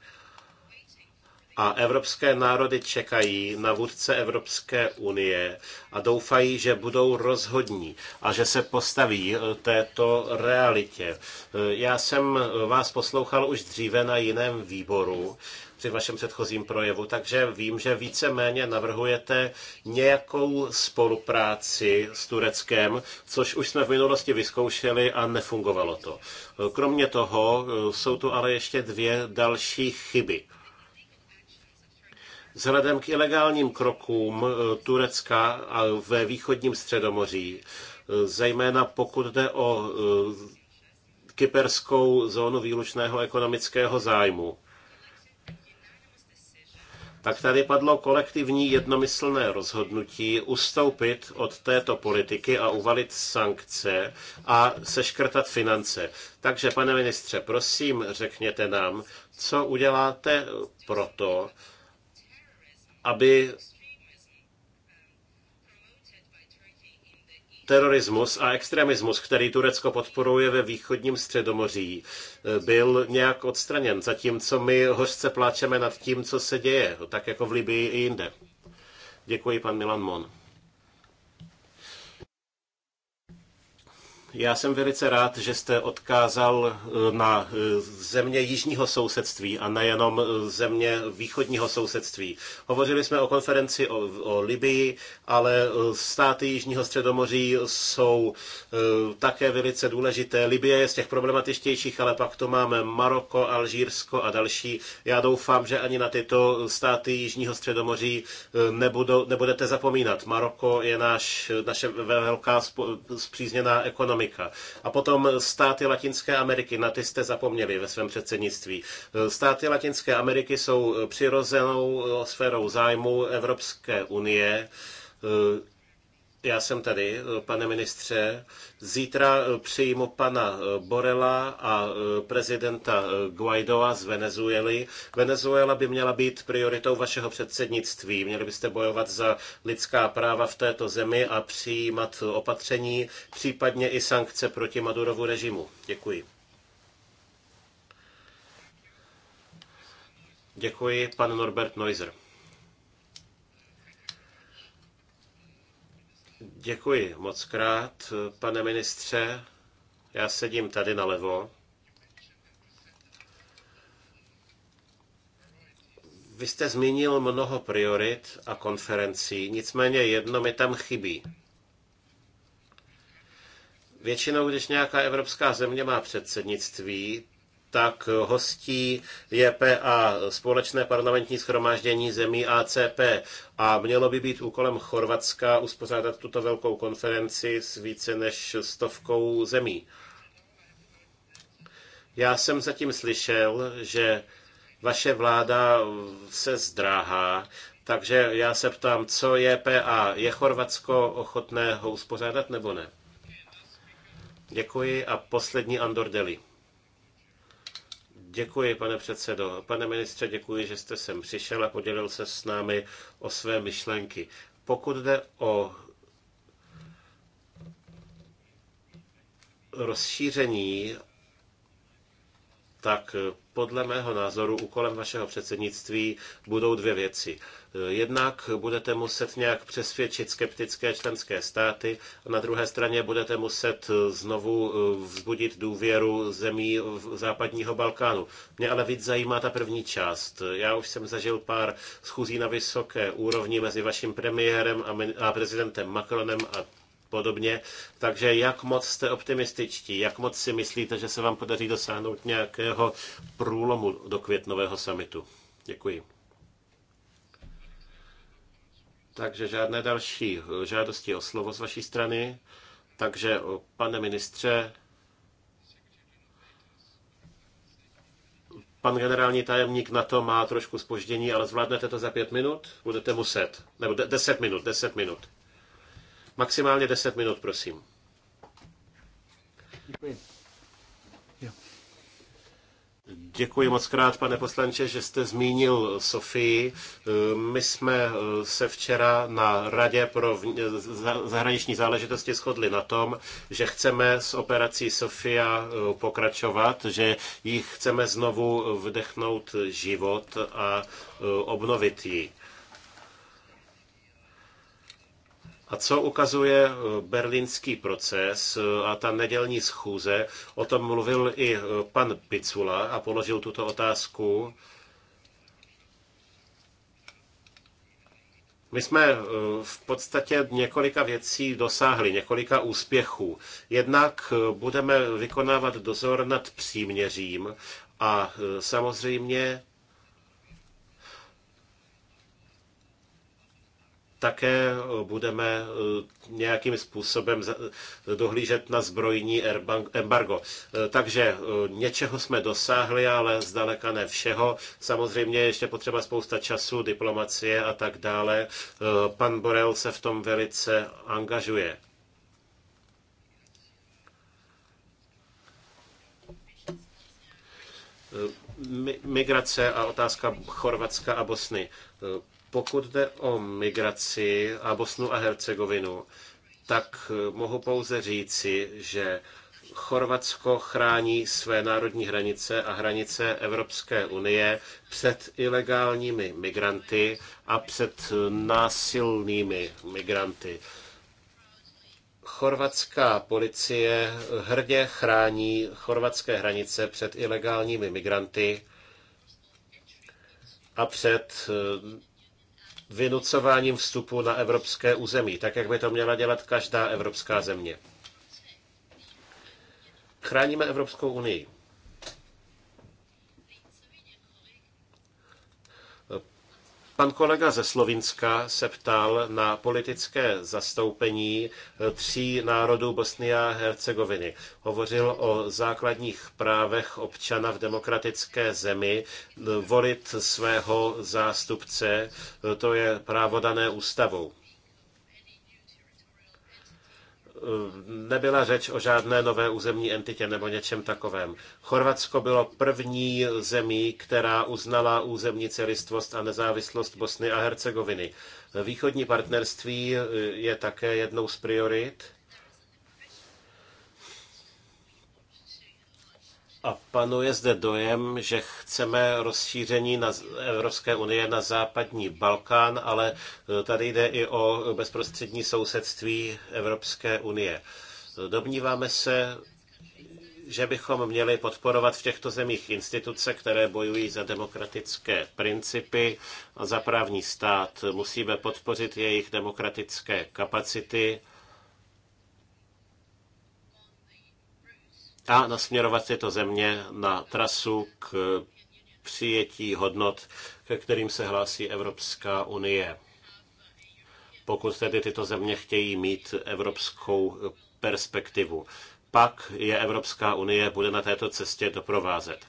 [SPEAKER 2] A evropské národy čekají na vůdce Evropské unie a doufají, že budou rozhodní a že se postaví eh, této realitě. Eh, já jsem vás poslouchal už dříve na jiném výboru při vašem předchozím projevu, takže vím, že víceméně navrhujete nějakou spolupráci s Tureckem, což už jsme v minulosti vyzkoušeli a nefungovalo to. Kromě toho jsou tu ale ještě dvě další chyby. Vzhledem k ilegálním krokům Turecka a ve východním středomoří, zejména pokud jde o kyperskou zónu výlučného ekonomického zájmu tak tady padlo kolektivní jednomyslné rozhodnutí ustoupit od této politiky a uvalit sankce a seškrtat finance. Takže, pane ministře, prosím, řekněte nám, co uděláte proto, aby terorismus a extremismus, který Turecko podporuje ve východním středomoří, eh, byl nějak odstraněn, zatímco my hořce pláčeme nad tím, co se děje, tak jako v Libii i jinde. Děkuji, pan Milan Mon. Já jsem velice rád, že jste odkázal eh, na eh, země jižního sousedství a nejenom eh, země východního sousedství. Hovořili jsme o konferenci o, o Libii, ale státy jižního středomoří jsou také velice důležité. Libie je z těch problematičtějších, ale pak to máme Maroko, Alžírsko a další. Já doufám, že ani na tyto státy jižního středomoří nebudou, nebudete zapomínat. Maroko je náš, naše velká spřízněná ekonomika ekonomika. A potom státy Latinské Ameriky, na ty jste zapomněli ve svém předsednictví. Státy Latinské Ameriky jsou přirozenou sférou zájmu Evropské unie já jsem tady, eh, pane ministře. Zítra eh, přijmu pana eh, Borela a prezidenta Guaidoa z Venezuely. Venezuela by měla být prioritou vašeho předsednictví. Měli byste bojovat za lidská práva v této zemi a přijímat opatření, případně i sankce proti Madurovu režimu. Děkuji. Děkuji, pan Norbert Neuser. Děkuji moc krát, pane ministře. Já sedím tady nalevo. Vy jste zmínil mnoho priorit a konferencí, nicméně jedno mi tam chybí. Většinou, když nějaká evropská země má předsednictví, tak hostí JPA společné parlamentní schromáždění zemí ACP a mělo by být úkolem Chorvatska uspořádat tuto velkou konferenci s více než stovkou zemí. Já jsem zatím slyšel, že vaše vláda se zdráhá, takže já se ptám, co je PA? Je Chorvatsko ochotné ho uspořádat nebo ne? Děkuji a poslední Andor Deli. Děkuji, pane předsedo. Pane ministře, děkuji, že jste sem přišel a podělil se s námi o své myšlenky. Pokud jde o rozšíření, tak podle mého názoru úkolem vašeho předsednictví budou dvě věci. Eh, jednak budete muset nějak přesvědčit skeptické členské státy, na druhé straně budete muset eh, znovu eh, vzbudit důvěru zemí západního Balkánu. Mě ale víc zajímá ta první část. Já už jsem zažil pár schůzí na vysoké úrovni mezi vaším premiérem a prezidentem Macronem a podobně. Takže jak moc jste optimističtí, jak moc si myslíte, že se vám podaří dosáhnout nějakého průlomu do květnového samitu? Děkuji. Takže žádné další žádosti o slovo z vaší strany. Takže, pane ministře, pan generální tajemník na to má trošku spoždění, ale zvládnete to za pět minut? Budete muset. Nebo deset minut, deset minut. Maximálně 10 minut, prosím. Děkuji. Děkuji moc krát, pane poslanče, že jste zmínil Sofii. My jsme eh, se včera na Radě pro zahraniční záležitosti shodli na tom, že chceme s operací Sofia eh, pokračovat, že ji chceme znovu vdechnout život a eh, obnovit ji. A co ukazuje eh, berlínský proces eh, a ta nedělní schůze? O tom mluvil i eh, pan Picula a položil tuto otázku. My jsme v podstatě několika věcí dosáhli, několika úspěchů. Jednak budeme vykonávat dozor nad příměřím a samozřejmě také eh, budeme eh, nějakým způsobem eh, dohlížet na zbrojní embargo. Takže něčeho jsme dosáhli, ale zdaleka ne všeho. Samozřejmě ještě potřeba spousta času, diplomacie a tak dále. Pan Borel se v tom velice angažuje. Migrace a otázka Chorvatska a Bosny. Pokud jde o migraci a Bosnu a Hercegovinu, tak eh, mohu pouze říci, že Chorvatsko chrání své národní hranice a hranice Evropské unie před ilegálními migranty a před násilnými migranty. Chorvatská policie hrdě chrání chorvatské hranice před ilegálními migranty a před eh, vynucováním vstupu na evropské území, tak jak by to měla dělat každá evropská země. Chráníme Evropskou unii. Pan kolega ze Slovinska se ptal na politické zastoupení eh, tří národů Bosny a Hercegoviny. Hovořil o základních právech občana v demokratické zemi eh, volit svého zástupce, eh, to je právo dané ústavou. Eh, nebyla řeč o žádné nové územní entitě nebo něčem takovém. Chorvatsko bylo první zemí, která uznala územní celistvost a nezávislost Bosny a Hercegoviny. Východní partnerství eh, je také jednou z priorit A panuje zde dojem, že chceme rozšíření na Evropské unie na západní Balkán, ale e, tady jde i o bezprostřední sousedství Evropské unie. Domníváme se, že bychom měli podporovat v těchto zemích instituce, které bojují za demokratické principy a za právní stát. Musíme podpořit jejich demokratické kapacity a nasměrovat tyto země na trasu k přijetí hodnot, ke kterým se hlásí Evropská unie. Pokud tedy tyto země chtějí mít evropskou perspektivu, pak je Evropská unie bude na této cestě doprovázet.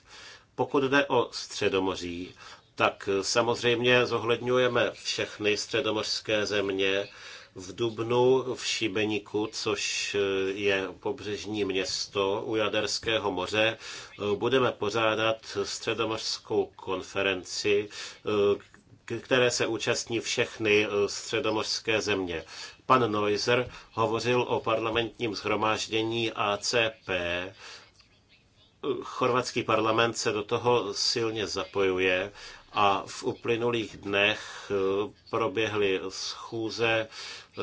[SPEAKER 2] Pokud jde o Středomoří, tak samozřejmě zohledňujeme všechny středomořské země, v Dubnu v Šibeniku, což eh, je pobřežní město u Jaderského moře, eh, budeme pořádat středomořskou konferenci, eh, které se účastní všechny středomořské země. Pan Neuser hovořil o parlamentním zhromáždění ACP. Chorvatský parlament se do toho silně zapojuje a v uplynulých dnech eh, proběhly schůze eh,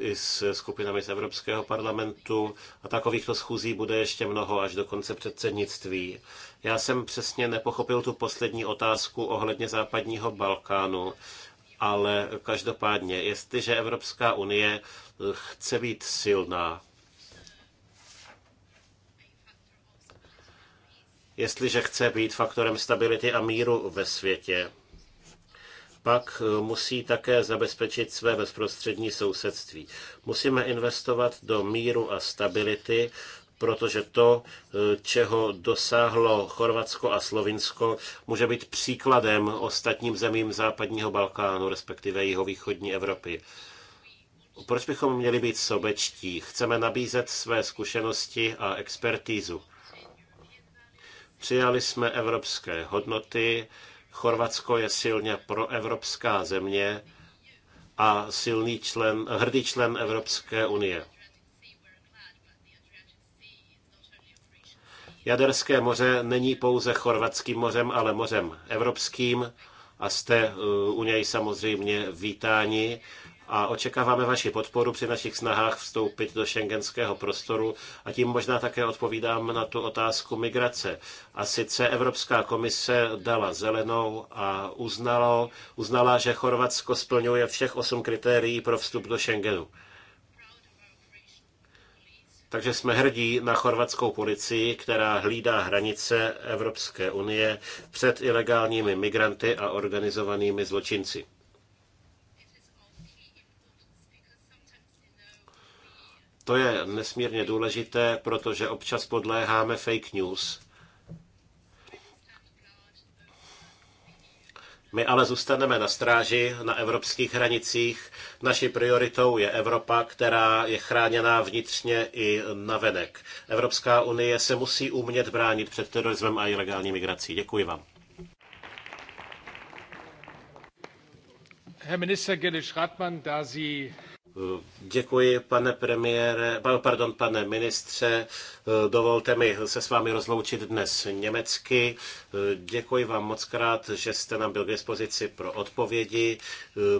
[SPEAKER 2] i s skupinami z Evropského parlamentu a takovýchto schůzí bude ještě mnoho až do konce předsednictví. Já jsem přesně nepochopil tu poslední otázku ohledně západního Balkánu, ale každopádně, jestliže Evropská unie eh, chce být silná, Jestliže chce být faktorem stability a míru ve světě, pak eh, musí také zabezpečit své bezprostřední sousedství. Musíme investovat do míru a stability, protože to, eh, čeho dosáhlo Chorvatsko a Slovinsko, může být příkladem ostatním zemím západního Balkánu, respektive jihovýchodní Evropy. Proč bychom měli být sobečtí? Chceme nabízet své zkušenosti a expertízu. Přijali jsme evropské hodnoty, Chorvatsko je silně proevropská země a silný člen, hrdý člen Evropské unie. Jaderské moře není pouze chorvatským mořem, ale mořem evropským a jste eh, u něj samozřejmě vítáni a očekáváme vaši podporu při našich snahách vstoupit do šengenského prostoru a tím možná také odpovídám na tu otázku migrace. A sice Evropská komise dala zelenou a uznalo, uznala, že Chorvatsko splňuje všech osm kritérií pro vstup do Schengenu. Takže jsme hrdí na chorvatskou policii, která hlídá hranice Evropské unie před ilegálními migranty a organizovanými zločinci. To je nesmírně důležité, protože občas podléháme fake news. My ale zůstaneme na stráži, na evropských hranicích. Naší prioritou je Evropa, která je chráněná vnitřně i navenek. Evropská unie se musí umět bránit před terorismem a ilegální migrací. Děkuji vám. Herr Minister Gilles Schratmann, da Sie Děkuji, pane premiére, pardon, pane ministře. Dovolte mi se s vámi rozloučit dnes německy. Děkuji vám moc krát, že jste nám byl k dispozici pro odpovědi.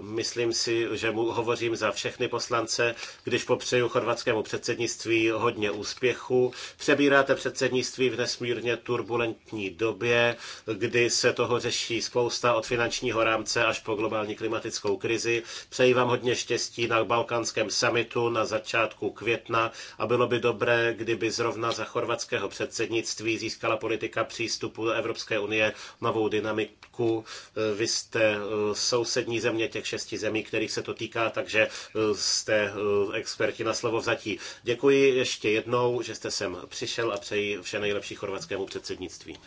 [SPEAKER 2] Myslím si, že mu hovořím za všechny poslance, když popřeju chorvatskému předsednictví hodně úspěchu. Přebíráte předsednictví v nesmírně turbulentní době, kdy se toho řeší spousta od finančního rámce až po globální klimatickou krizi. Přeji vám hodně štěstí na balkánském summitu na začátku května a bylo by dobré, kdyby zrovna za chorvatského předsednictví získala politika přístupu do Evropské unie novou dynamiku. Eh, vy jste eh, sousední země těch šesti zemí, kterých se to týká, takže eh, jste experti na slovo vzatí. Děkuji ještě jednou, že jste sem přišel a přeji vše nejlepší chorvatskému předsednictví.